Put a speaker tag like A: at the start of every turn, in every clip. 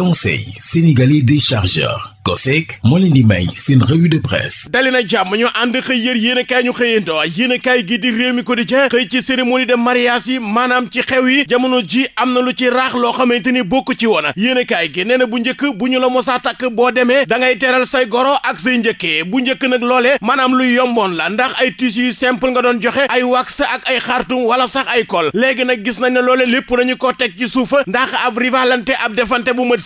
A: conseil sénégalais des chargeurs COSEC moo leen di may seen revue de presse dali na jàmm ñu ànd xëy yër yéen kaay ñu xëyandoo yéen a kaay gi di réew mi quotidien xëy ci cérémonie de mariage yi ci xew yi jamono ji am na lu ci raax loo xamante ni bokku ci woon yéen a kaay gi nee na bu njëkk bu ñu la mosaa takk boo demee da ngay teral say goro ak say njëkkee bu njëkk nag loole maanaam lu yomboon la ndax ay tissu yu nga doon joxe ay wax ak ay xartum wala sax ay kol léegi nag gis nañ ne loolee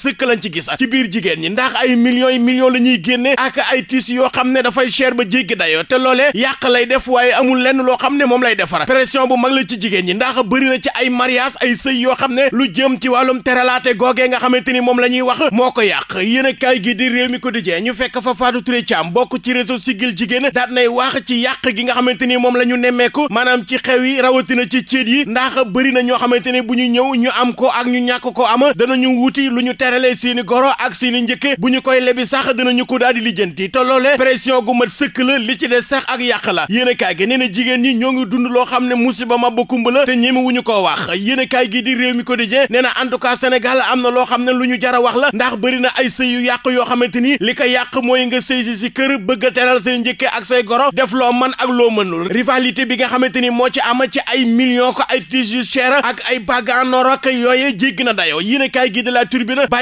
A: sëkk lañ ci gis ci biir jigéen ñi ndax ay millions yi millions la ñuy génne ak ay tissus yoo xam ne dafay cher ba jéggi dayoo te loolee yàq lay def waaye amul lenn loo xam ne moom lay defar pression bu mag la ci jigéen ñi ndax bëri na ay mariage ay sëy yoo xam ne lu jëm ci wàllum teralaate googee nga xamante ni moom la ñuy wax moo ko yàq yéen kaay gi di réew mi quotidien ñu fekk fa Fatou Touré Thiam bokk ci réseau Siggil Jigéen daat nay wax ci yàq gi nga xamante ni moom la ñu nemmeeku maanaam ci xew yi rawatina ci céet yi ndax bëri na ñoo xamante ni bu ñu ñëw ñu am ko ak ñu ñàkk ko am leeralee seeni goro ak seeni njëkke bu ñu koy lebi sax dinañu ko daal di lijjanti te loolee pression gu mat sëkk la li ci des sax ak yàq la yéenekaay gi nee na jigéen ñi ñoo ngi dund loo xam ne musiba ma bakumba la te ñemewuñu ko wax yéenekaay gi di réew mi quotidien nee na en tout cas Sénégal am na loo xam ne lu ñu jara wax la ndax bëri na ay sëy yu yàq yoo xamante ni li ko yàq mooy nga sëy si si kër bëgg a teral say njëkke ak say goro def loo man ak loo mënul rivalité bi nga xamante ni moo ci ama ci ay millions ay tiges ak ay baga norok yooye na dayoo yéenekaay gi de la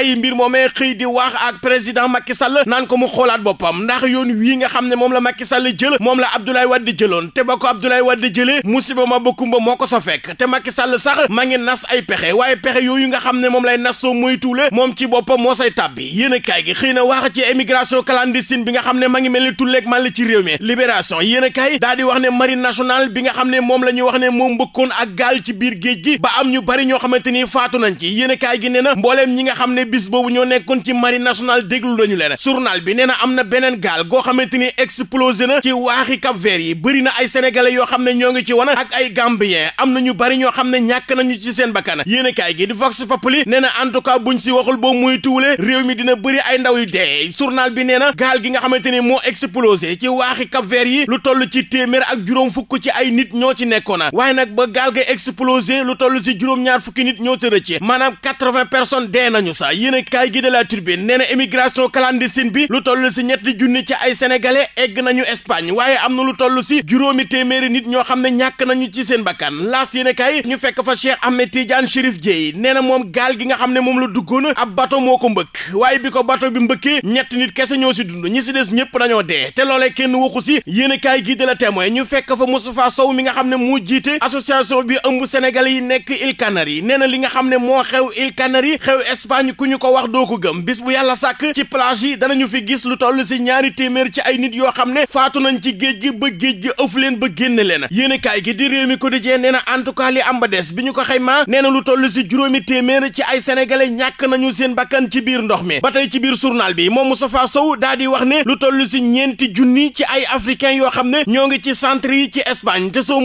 A: bàyyi mbir moomee xëy di wax ak président Macky Sall naan ko mu xoolaat boppam ndax yoon nga xam ne moom la Macky Sall jël moom la Abdoulaye Wade jëloon te ba ko Abdoulaye Wade jëlee musiba ma moo ko sa fekk te Macky Sall sax ma ngi nas ay pexe waaye pexe yooyu nga xam ne moom lay nas soo moytuwule moom ci boppam moo say tàbbi yéen a kaay gi xëy na wax ci émigration clandestine bi nga xam ne ma ngi mel ni tulleeg man la ci réew mi libération yéen a kaay daal di wax ne marine nationale bi nga xam ne moom la ñuy wax ne moom mbëkkoon ak gaal ci biir géej gi ba am ñu bari ñoo xamante ni faatu nañ ci yéen a gi nee na mbooleem nga xam ne bis boobu ñoo nekkoon ci marine nationale déglu lañu leen journal bi nee na am na beneen gaal goo xamante ni explosé na ci waaxi Cap Vert yi bëri na ay sénégalais yoo xam ne ñoo ngi ci wana ak ay gambien am na ñu bari ñoo xam ne ñàkk nañu ci seen bakkan yéen kaay gi di vox populi nee na en tout cas buñ si waxul boo muy tuwule réew mi dina bëri ay ndaw yu dee journal bi nee na gaal gi nga xamante ni moo explosé ci waaxi Cap Vert yi lu toll ci téeméer ak juróom fukk ci ay nit ñoo ci nekkoona waaye nag ba gaal ga explosé lu toll si juróom-ñaar fukki nit ñoo ci rëcce maanaam quatre-vingts personnes dee nañu sa yéen a kaay gi de la Tribune nee na émigration clandestine bi lu toll si ñetti junni ci ay sénégalais egg nañu Espagne waaye am na lu toll si juróomi téeméeri nit ñoo xam ne ñàkk nañu ci seen bakkan laas yéen a ñu fekk fa Cheikh Ahmed Tidiane Chérif Dieye nee na moom gaal gi nga xam ne moom la duggoon ab bato moo ko mbëkk waaye bi ko bato bi mbëkkee ñett nit kese ñoo si dund ñi si des ñëpp dañoo dee te loolee kenn waxu si yéen a kaay gi de la Témoin ñu fekk fa Moustapha Sow mi nga xam ne moo jiite association bi ëmb sénégalais yi nekk Îles Canaries nee na li nga xam ne moo xew Îles Canaries xew Espagne ku ñu ko wax doo ko gëm bis bu yàlla sàkk ci plage yi danañu fi gis lu toll si ñaari téeméer ci ay nit yoo xam ne faatu nañ ci géej gi ba géej gi ëf leen ba génn leen yéenekaay gi di réew mi quotidien nee na en tout cas li am ba des bi ñu ko xaymaa nee na lu toll si juróomi téeméer ci ay sénégalais ñàkk nañu seen bakkan ci biir ndox mi ba tey ci biir journal bi moom Moustapha Sow daa wax ne lu toll si ñeenti junni ci ay africains yoo xam ne ñoo ngi ci centre yi ci Espagne te soo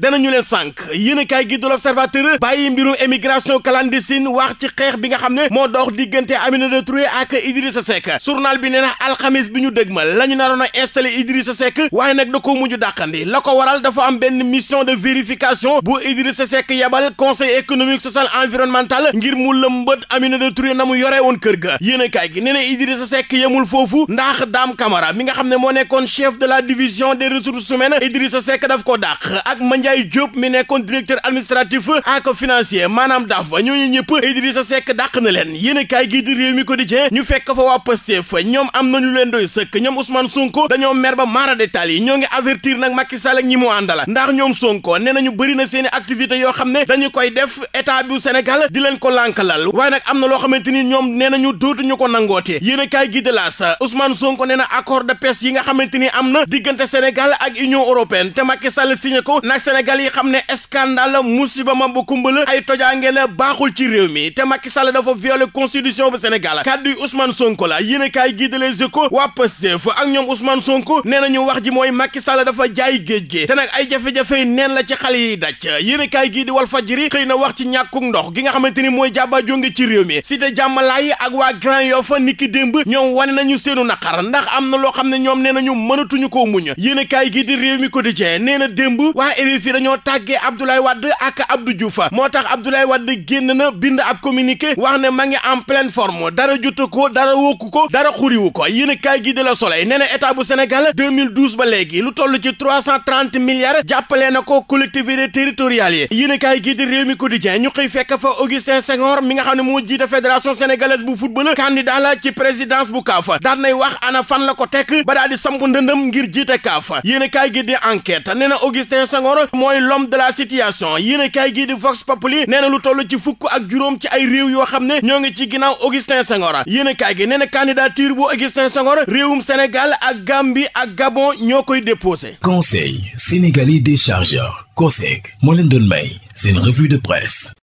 A: danañu leen sànq yéenekaay gi de l'Observateur bàyyi mbirum émigration clandestine wax ci xeex bi nga xam ne dox diggante Aminata Touré ak Idrissa Seck journal bi nee na alxamis bi ñu dëgmal la ñu naroon a installé Idrissa Seck waaye nag da ko mujj dàqandi la ko waral dafa am benn mission de vérification bu Idrissa Seck yabal conseil économique social environnemental ngir mu lëmbët Aminata Touré na mu yore woon kër ga yéen a kaay gi nee na Idrissa Seck yemul foofu ndax daam Camara mi nga xam ne moo nekkoon chef de la division des ressources humaines Idrissa Seck daf ko dàq a Mandiaye Diop nekkoon directeur administratif ak financier maanaam dafa ñooñu ñëpp na leen yéen kaay gii di réew mi quotidien ñu fekk fa waa Pastef ñoom am nañu leen doy sëkk ñoom Ousmane Sonko dañoo mer ba maara détail yi ñoo ngi avertir nag Macky Sall ak ñi mu àndala ndax ñoom Sonko nee nañu bëri na seen i activité yoo xam ne dañu koy def état bu Sénégal di leen ko lànkalal waaye nag am na loo xamante ni ñoom nee nañu dootuñu ko nangoote yéen kaay gii di laas Ousmane Sonko nee na accord de pes yi nga xamante ni am na diggante Sénégal ak Union européenne te Macky Sall signé ko nag Sénégal yi xam ne scandale musiba ma bu kumbala ay tojaange la baaxul ci réew mi te Macky Sall dafa violé constitution bu Sénégal kàddu Ousmane Sonko la yéen a kaay gii de Les Échos waa Pastef ak ñoom Ousmane Sonko nee nañu wax ji mooy Macky Sall dafa jaay géej gi te ay jafe-jafe neen la ci xale yi daj yéen a kaay gii di Walf Fadjri xëy na wax ci ñàkkug ndox gi nga xamante ni mooy jàbba jónge ci réew mi cité Jàmmalaay ak waa Grand Yoff niki démb ñoom wane nañu seenu naqar ndax am na loo xam ne ñoom nee nañu mënatuñu koo muñ yéen a kaay gii di réew mi quotidien nee na démb waa RFI dañoo tàggee Abdoulaye Wade ak Abdou Diouf moo tax Abdoulaye Wade génn na bind ab communiqué wax ne ma ngi en pleine forme dara jutu ko dara wókku ko dara xuriwu ko yéen a kaay gi de la Soleil nee na état bu Sénégal 2012 ba léegi lu toll ci 330 milliards jàppale na ko collectivités territoriales yi yéen a kaay gi di Rewmi Quotidien ñu xëy fekk fa Augustin Senghor mi nga xam ne moo jiite fédération sénégalaise bu football candidat la ci présidence bu CAF daan nay wax ana fan la ko tekk ba daal di samp ndëndëm ngir jiite CAF yéen a kaay gi nee na Augustin Senghor mooy l'homme de la situation yéen a kaay gi di Vox Populi nee na lu toll ci fukk ak juróom ci ay réew yoo xam ne ñoo ngi jóge ci ginnaaw Augustin Senghor yéen kaay gi nee na candidature bu Augustin Senghor réewum Sénégal ak Gambie ak Gabon ñoo koy déposé. Conseil sénégalais des chargeurs COSEC moo leen doon may seen revue de presse.